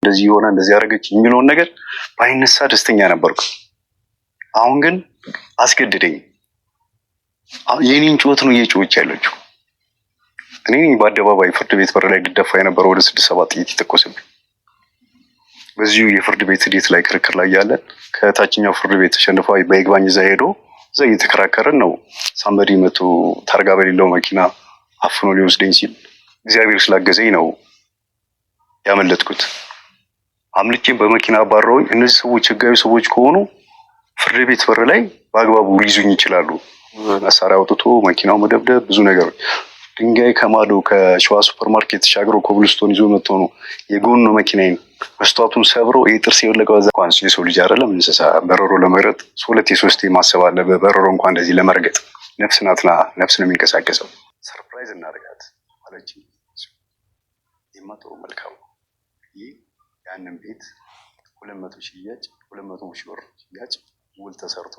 እንደዚህ ይሆነ እንደዚህ ያደረገች የሚለውን ነገር ባይነሳ ደስተኛ ነበርኩ። አሁን ግን አስገድደኝ የኔን ጩኸት ነው እየጮኸች ያለችው። እኔ በአደባባይ ፍርድ ቤት በር ላይ ድደፋ የነበረ ወደ ስድስት ሰባት ጥይት ይተኮስብኝ። በዚሁ የፍርድ ቤት ሂደት ላይ ክርክር ላይ ያለን ከታችኛው ፍርድ ቤት ተሸንፋ በይግባኝ እዛ ሄዶ እዛ እየተከራከረን ነው። ሳምበዲ መቶ ታርጋ በሌለው መኪና አፍኖ ሊወስደኝ ሲል እግዚአብሔር ስላገዘኝ ነው ያመለጥኩት። አምልጬን በመኪና አባረውኝ። እነዚህ ሰዎች ህጋዊ ሰዎች ከሆኑ ፍርድ ቤት በር ላይ በአግባቡ ሊይዙኝ ይችላሉ። መሳሪያ አውጥቶ መኪናው መደብደብ፣ ብዙ ነገሮች። ድንጋይ ከማዶ ከሸዋ ሱፐርማርኬት ተሻግረው ኮብልስቶን ይዞ መጥቶ ነው የጎን መኪናዬን መስታወቱን ሰብረው ጥርስ የወለቀው እዛ። እንኳን የሰው ልጅ አይደለም እንስሳ በረሮ ለመረጥ ሁለቴ ሶስቴ ማሰብ አለ። በረሮ እንኳን እንደዚህ ለመርገጥ ነፍስ ናትና ነፍስ ነው የሚንቀሳቀሰው። ሰርፕራይዝ እናደርጋት ማለች የማጠሩ መልካም ይህ ያንን ቤት ሁለት መቶ ሽያጭ ሁለት መቶ ብር ሽያጭ ውል ተሰርቶ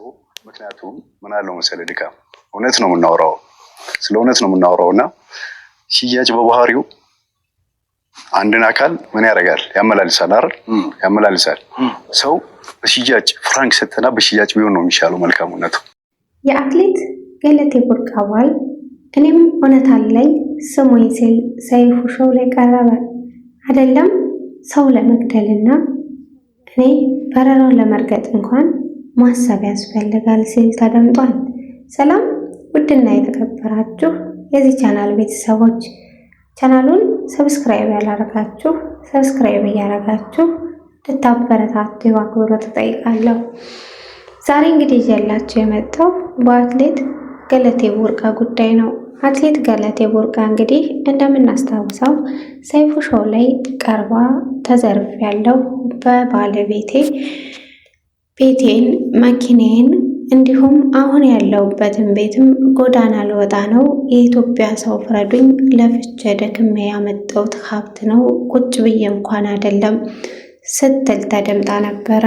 ምክንያቱም ምን አለው መሰለ ድካም እውነት ነው የምናወራው ስለ እውነት ነው የምናወራው እና ሽያጭ በባህሪው አንድን አካል ምን ያደርጋል ያመላልሳል አይደል ያመላልሳል ሰው በሽያጭ ፍራንክ ሰጥተና በሽያጭ ቢሆን ነው የሚሻለው መልካሙነቱ የአትሌት ገለቴ ቡርቃ እኔም እውነት አለኝ ስሙኝ ሲል ሰይፉ ሾው ላይ ቀረበ አይደለም ሰው ለመግደልና እኔ በረራውን ለመርገጥ እንኳን ማሰብ ያስፈልጋል ሲል ተደምጧል። ሰላም ውድና የተከበራችሁ የዚህ ቻናል ቤተሰቦች ቻናሉን ሰብስክራይብ ያላረጋችሁ ሰብስክራይብ እያረጋችሁ ልታበረታቱ አክብሮ ተጠይቃለሁ። ዛሬ እንግዲህ ይዤላችሁ የመጣው በአትሌት ገለቴ ቡርቃ ጉዳይ ነው። አትሌት ገለቴ ቡርቃ እንግዲህ እንደምናስታውሰው ሰይፉ ሾው ላይ ቀርባ ተዘርፍ ያለው በባለቤቴ ቤቴን፣ መኪናዬን እንዲሁም አሁን ያለውበትን ቤትም ጎዳና ልወጣ ነው፣ የኢትዮጵያ ሰው ፍረዱኝ፣ ለፍቼ ደክሜ ያመጣሁት ሀብት ነው፣ ቁጭ ብዬ እንኳን አይደለም ስትል ተደምጣ ነበረ።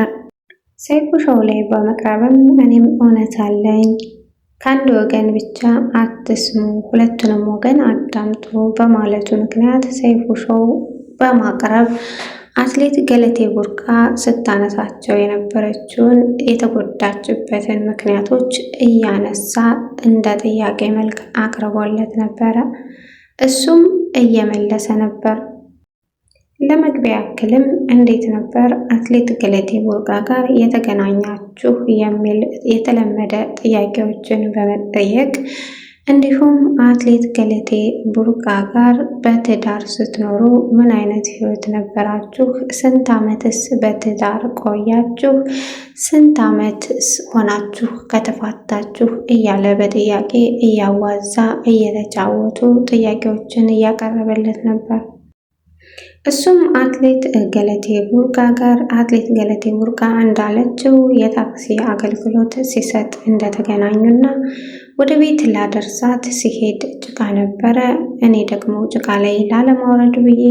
ሰይፉ ሾው ላይ በመቅረብም እኔም እውነት አለኝ ከአንድ ወገን ብቻ አትስሙ፣ ሁለቱንም ወገን አዳምጡ በማለቱ ምክንያት ሰይፉ ሾው በማቅረብ አትሌት ገለቴ ቡርቃ ስታነሳቸው የነበረችውን የተጎዳችበትን ምክንያቶች እያነሳ እንደ ጥያቄ መልክ አቅርቦለት ነበረ። እሱም እየመለሰ ነበር። ለመግቢያ ያክልም እንዴት ነበር አትሌት ገለቴ ቡርቃ ጋር የተገናኛችሁ የሚል የተለመደ ጥያቄዎችን በመጠየቅ እንዲሁም አትሌት ገለቴ ቡርቃ ጋር በትዳር ስትኖሩ ምን አይነት ህይወት ነበራችሁ? ስንት ዓመትስ በትዳር ቆያችሁ? ስንት ዓመት ሆናችሁ ከተፋታችሁ? እያለ በጥያቄ እያዋዛ እየተጫወቱ ጥያቄዎችን እያቀረበለት ነበር። እሱም አትሌት ገለቴ ቡርቃ ጋር አትሌት ገለቴ ቡርቃ እንዳለችው የታክሲ አገልግሎት ሲሰጥ እንደተገናኙና ወደ ቤት ላደርሳት ሲሄድ ጭቃ ነበረ። እኔ ደግሞ ጭቃ ላይ ላለማውረድ ብዬ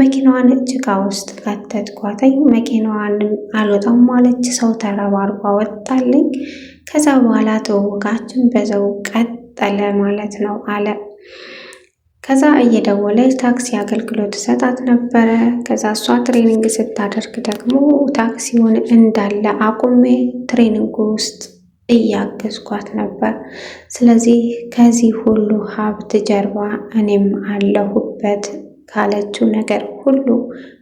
መኪናዋን ጭቃ ውስጥ ከተትኳተኝ። መኪናዋን አልወጣም ማለች። ሰው ተረባርቧ ወጣልኝ። ከዛ በኋላ ትውውቃችን በዘው ቀጠለ ማለት ነው አለ። ከዛ እየደወለች ታክሲ አገልግሎት ትሰጣት ነበረ። ከዛ እሷ ትሬኒንግ ስታደርግ ደግሞ ታክሲውን እንዳለ አቁሜ ትሬኒንጉ ውስጥ እያገዝኳት ነበር። ስለዚህ ከዚህ ሁሉ ሀብት ጀርባ እኔም አለሁበት ካለችው ነገር ሁሉ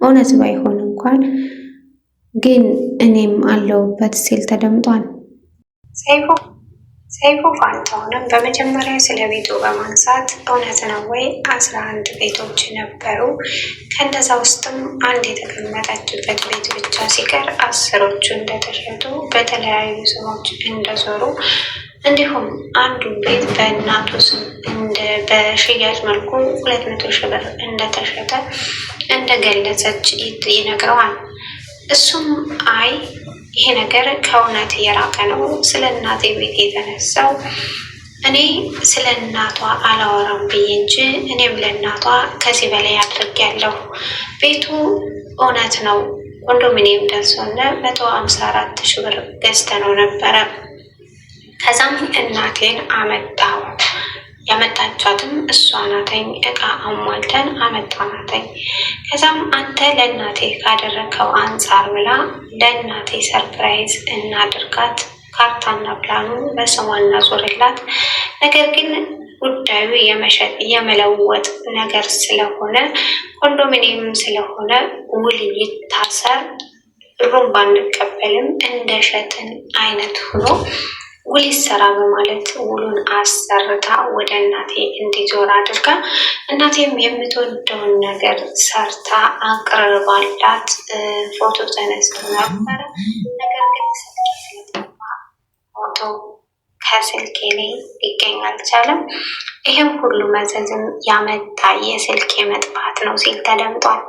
እውነት ባይሆን እንኳን ግን እኔም አለሁበት ሲል ተደምጧል። ሰይፉ ፋንታውንም በመጀመሪያ ስለ ቤቱ በማንሳት እውነት ነው ወይ አስራ አንድ ቤቶች ነበሩ፣ ከነዛ ውስጥም አንድ የተቀመጠችበት ቤት ብቻ ሲቀር አስሮቹ እንደተሸጡ በተለያዩ ስሞች እንደዞሩ እንዲሁም አንዱ ቤት በእናቱ ስም በሽያጭ መልኩ ሁለት መቶ ሺህ ብር እንደተሸጠ እንደገለጸች ይነግረዋል። እሱም አይ ይሄ ነገር ከእውነት የራቀ ነው። ስለ እናቴ ቤት የተነሳው እኔ ስለ እናቷ አላወራም ብዬ እንጂ እኔም ለእናቷ ከዚህ በላይ አድርጌያለሁ። ቤቱ እውነት ነው ኮንዶሚኒየም ደርሶነ መቶ ሀምሳ አራት ሺህ ብር ገዝተ ነው ነበረ። ከዛም እናቴን አመጣው ያመጣቻትም እሷ ናተኝ። እቃ አሟልተን አመጣናተኝ። ከዛም አንተ ለእናቴ ካደረከው አንጻር ብላ ለእናቴ ሰርፕራይዝ እናድርጋት፣ ካርታና ፕላኑን በስሟ እናዞርላት። ነገር ግን ጉዳዩ የመሸጥ የመለወጥ ነገር ስለሆነ ኮንዶሚኒየም ስለሆነ ውል ይታሰር፣ ብሩን ባንቀበልም እንደሸጥን አይነት ሆኖ ውል ይሰራ በማለት ውሉን አሰርታ ወደ እናቴ እንዲዞር አድርጋ እናቴም የምትወደውን ነገር ሰርታ አቅርባላት ፎቶ ተነስቶ ነበረ። ነገር ግን ፎቶ ከስልኬ ላይ ሊገኝ አልቻለም። ይህም ሁሉ መዘዝም ያመጣ የስልኬ መጥፋት ነው ሲል ተደምጧል።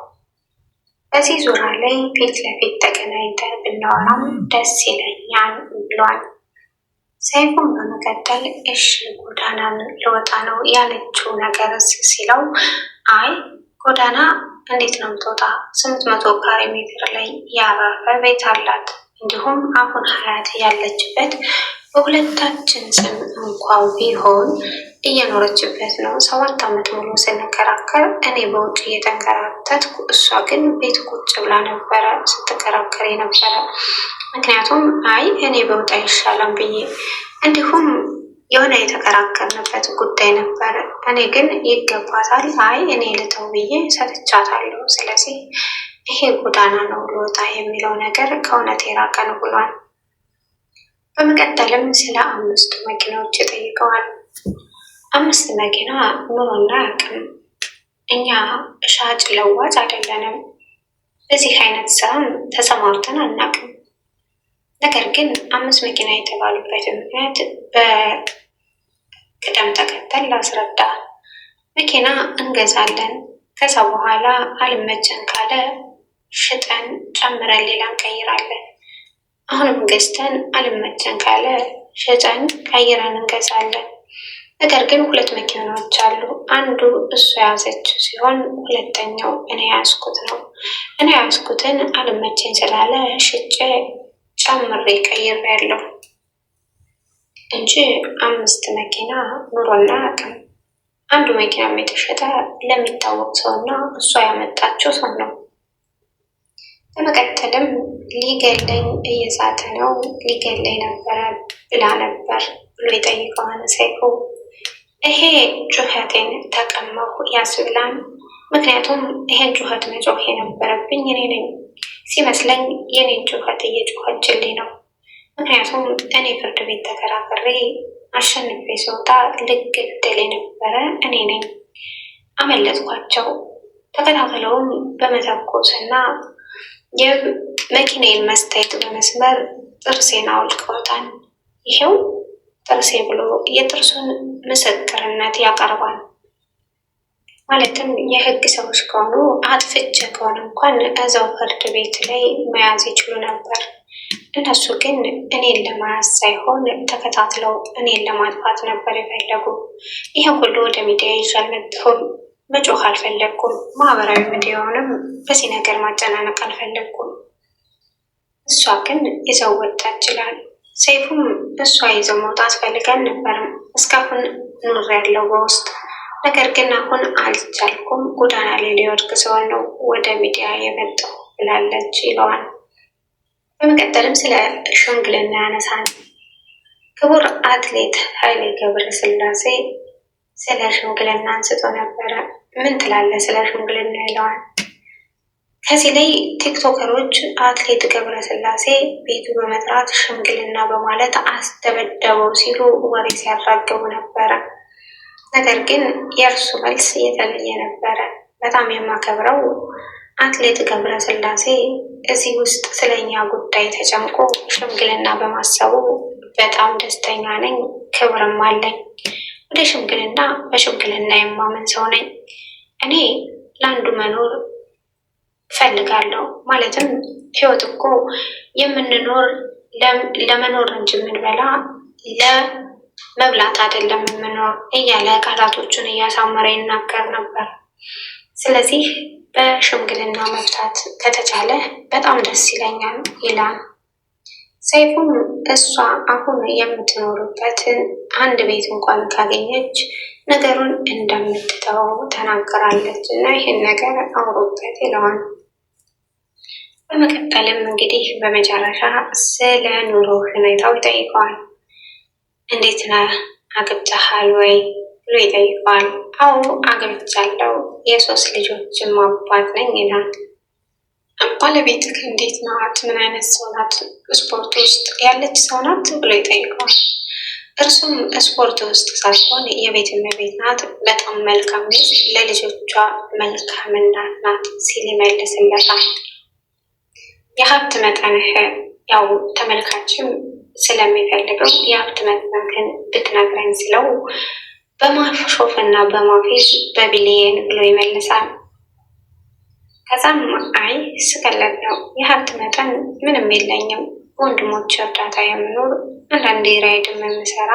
በዚህ ዙራ ላይ ፊት ለፊት ተገናኝተን ብናወራም ደስ ይለኛል ብሏል። ሰይፉን በመቀጠል እሺ ጎዳና ልወጣ ነው ያለችው ነገር ሲለው አይ ጎዳና እንዴት ነው ምትወጣ? ስምንት መቶ ካሬ ሜትር ላይ ያረፈ ቤት አላት። እንዲሁም አሁን ሀያት ያለችበት በሁለታችን ስም እንኳን ቢሆን እየኖረችበት ነው። ሰባት ዓመት ሙሉ ስንከራከር እኔ በውጭ እየተንከራተትኩ እሷ ግን ቤት ቁጭ ብላ ነበረ ስትከራከር የነበረ። ምክንያቱም አይ እኔ በውጣ ይሻላል ብዬ እንዲሁም የሆነ የተከራከርንበት ጉዳይ ነበር እኔ ግን ይገባታል፣ አይ እኔ ልተው ብዬ ሰጥቻታለሁ። ስለዚህ ይሄ ጎዳና ነው ልወጣ የሚለው ነገር ከእውነት የራቀን ብሏል። በመቀጠልም ስለ አምስቱ መኪናዎች ይጠይቀዋል። አምስት መኪና ኑሮና አቅም እኛ ሻጭ ለዋጭ አይደለንም። በዚህ አይነት ስራም ተሰማርተን አናቅም። ነገር ግን አምስት መኪና የተባሉበት ምክንያት በቅደም ተከተል ላስረዳ። መኪና እንገዛለን፣ ከዛ በኋላ አልመቸን ካለ ሽጠን ጨምረን ሌላ እንቀይራለን። አሁንም ገዝተን አልመቸን ካለ ሽጠን ቀይረን እንገዛለን። ነገር ግን ሁለት መኪናዎች አሉ። አንዱ እሱ የያዘችው ሲሆን ሁለተኛው እኔ ያዝኩት ነው። እኔ ያዝኩትን አለመቼን ስላለ ሽጬ ጨምሬ ቀይሬ ያለው እንጂ አምስት መኪና ኑሮና አቅም አንዱ መኪና የተሸጠ ለሚታወቅ ሰውና እሷ ያመጣችው ሰው ነው። በመቀጠልም ሊገለኝ እየዛተ ነው ሊገለኝ ነበረ ብላ ነበር ብሎ የጠይቀዋን ሳይኮ ይሄ ጩኸቴን ተቀማሁ ያስብላል። ምክንያቱም ይሄን ጩኸት መጮህ የነበረብኝ እኔ ነኝ። ሲመስለኝ የኔን ጩኸት እየጮኸችልኝ ነው። ምክንያቱም እኔ ፍርድ ቤት ተከራከሬ አሸንፌ ስወጣ ልገደል የነበረ እኔ ነኝ። አመለጥኳቸው። ተከታትለውም በመተኮስና የመኪናዬን መስታየት በመስመር ጥርሴን አውልቀውታል። ይሄው ጥርሴ ብሎ የጥርሱን ምስክርነት ያቀርባል። ማለትም የህግ ሰዎች ከሆኑ አጥፍቼ ከሆነ እንኳን እዛው ፍርድ ቤት ላይ መያዝ ይችሉ ነበር። እነሱ ግን እኔን ለመያዝ ሳይሆን ተከታትለው እኔን ለማጥፋት ነበር የፈለጉ። ይህ ሁሉ ወደ ሚዲያ ይዤ አልመጣሁም። መጮህ አልፈለግኩም። ማህበራዊ ሚዲያውንም በዚህ ነገር ማጨናነቅ አልፈለግኩም። እሷ ግን ይዘው ወጣ ይችላል። ሰይፉም በእሷ ይዘው መውጣት ፈልገን ነበርም እስካሁን ኑር ያለው በውስጥ ነገር ግን አሁን አልቻልኩም፣ ጎዳና ላይ ሊወድቅ ሲሆን ነው ወደ ሚዲያ የመጣው ብላለች ይለዋል። በመቀጠልም ስለ ሽምግልና ያነሳል። ክቡር አትሌት ኃይሌ ገብረ ስላሴ ስለ ሽምግልና አንስቶ ነበረ። ምን ትላለህ ስለ ሽምግልና ይለዋል። ከዚህ ላይ ቲክቶከሮች አትሌት ገብረስላሴ ቤቱ በመጥራት ሽምግልና በማለት አስደበደበው ሲሉ ወሬ ሲያራግቡ ነበረ። ነገር ግን የእርሱ መልስ የተለየ ነበረ። በጣም የማከብረው አትሌት ገብረስላሴ እዚህ ውስጥ ስለኛ ጉዳይ ተጨምቆ ሽምግልና በማሰቡ በጣም ደስተኛ ነኝ፣ ክብርም አለኝ። ወደ ሽምግልና በሽምግልና የማምን ሰው ነኝ። እኔ ለአንዱ መኖር ፈልጋለሁ። ማለትም ህይወት እኮ የምንኖር ለመኖር እንጂ የምንበላ ለመብላት አይደለም የምኖር እያለ ቃላቶቹን እያሳመረ ይናገር ነበር። ስለዚህ በሽምግልና መፍታት ከተቻለ በጣም ደስ ይለኛል ይላል። ሰይፉም እሷ አሁን የምትኖርበትን አንድ ቤት እንኳን ካገኘች ነገሩን እንደምትተው ተናገራለች እና ይህን ነገር አውሮበት ይለዋል። በመቀጠልም እንግዲህ በመጨረሻ ስለ ኑሮ ሁኔታው ይጠይቀዋል። እንዴት ነህ? አግብተሃል ወይ ብሎ ይጠይቀዋል። አዎ አግብቻለሁ፣ የሶስት ልጆችም አባት ነኝ ይላል። ባለቤትህ እንዴት ናት? ምን አይነት ሰው ናት? ስፖርት ውስጥ ያለች ሰው ናት ብሎ ይጠይቀዋል። እርሱም ስፖርት ውስጥ ሳትሆን የቤት እመቤት ናት። በጣም መልካም ልጅ፣ ለልጆቿ መልካም እናት ናት ሲል ይመልስለታል። የሀብት መጠንህ ያው ተመልካችም ስለሚፈልገው የሀብት መጠንህን ብትነግረን ስለው በማሾፍ እና በማፌዝ በቢሊየን ብሎ ይመልሳል። ከዛም አይ ስቀለድ ነው የሀብት መጠን ምንም የለኝም ወንድሞች እርዳታ የምኖር አንዳንዴ ራይድም የምሰራ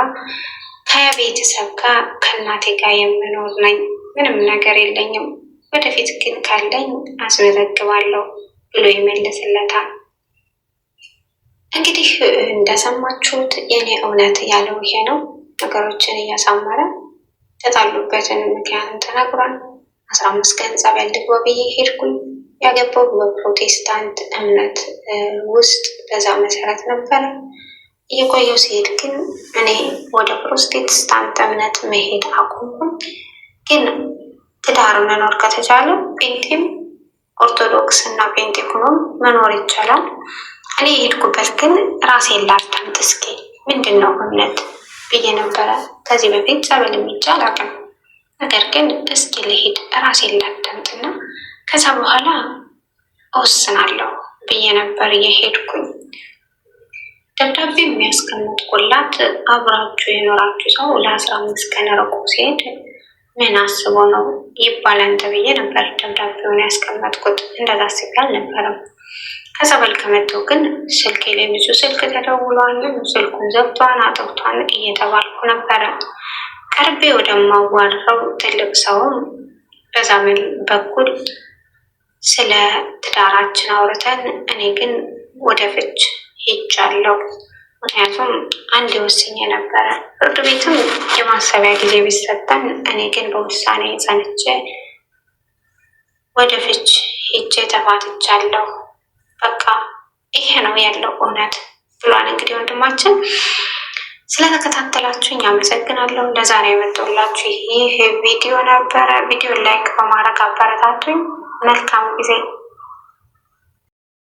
ከያ ቤተሰብ ጋር ከእናቴ ጋር የምኖር ነኝ። ምንም ነገር የለኝም። ወደፊት ግን ካለኝ አስመዘግባለሁ ብሎ ይመልስለታል። እንግዲህ እንደሰማችሁት የኔ እውነት ያለው ይሄ ነው። ነገሮችን እያሳመረ ተጣሉበትን ምክንያትም ተናግሯል። አስራ አምስት ቀን ጸበል ልግባ ብዬ ሄድኩኝ። ያገባው በፕሮቴስታንት እምነት ውስጥ በዛ መሰረት ነበር። እየቆየው ሲሄድ ግን እኔ ወደ ፕሮቴስታንት እምነት መሄድ አቆምኩም። ግን ትዳር መኖር ከተቻለ ጴንቴም ኦርቶዶክስ እና ጴንጤ ሆኖ መኖር ይቻላል። እኔ የሄድኩበት ግን ራሴን ላዳምጥ እስኪ ምንድን ነው እምነት ብዬ ነበረ። ከዚህ በፊት ጸበል የሚቻል አቅም ነገር ግን እስኪ ልሄድ ራሴን ላዳምጥና ከዛ በኋላ እወስናለሁ ብዬ ነበር የሄድኩኝ። ደብዳቤ የሚያስቀምጥ አብራችሁ የኖራችሁ ሰው ለአስራ አምስት ቀን ርቆ ሲሄድ ምን አስቦ ነው ይባላል ብዬ ነበር ደብዳቤውን ያስቀመጥኩት። እንደዛ አስቤ አልነበረም። በልክ መጥተው ግን ስልክ የሌንሱ ስልክ ተደውሏል፣ ስልኩን ዘግቷን አጥብቷን እየተባልኩ ነበረ። ቀርቤ ወደማዋረው ትልቅ ሰውም በዛ በኩል ስለ ትዳራችን አውርተን እኔ ግን ወደ ፍች ሄጃለሁ። ምክንያቱም አንድ ወስኜ ነበረ። ፍርድ ቤትም የማሰቢያ ጊዜ ቢሰጠን፣ እኔ ግን በውሳኔ ጸንቼ ወደ ፍች ሄጄ ተፋትቻለሁ። በቃ ይሄ ነው ያለው እውነት ብሏል። እንግዲህ ወንድማችን ስለተከታተላችሁኝ አመሰግናለሁ። ለዛሬ የመጡላችሁ ይህ ቪዲዮ ነበረ። ቪዲዮ ላይክ በማድረግ አበረታቱኝ። መልካም ጊዜ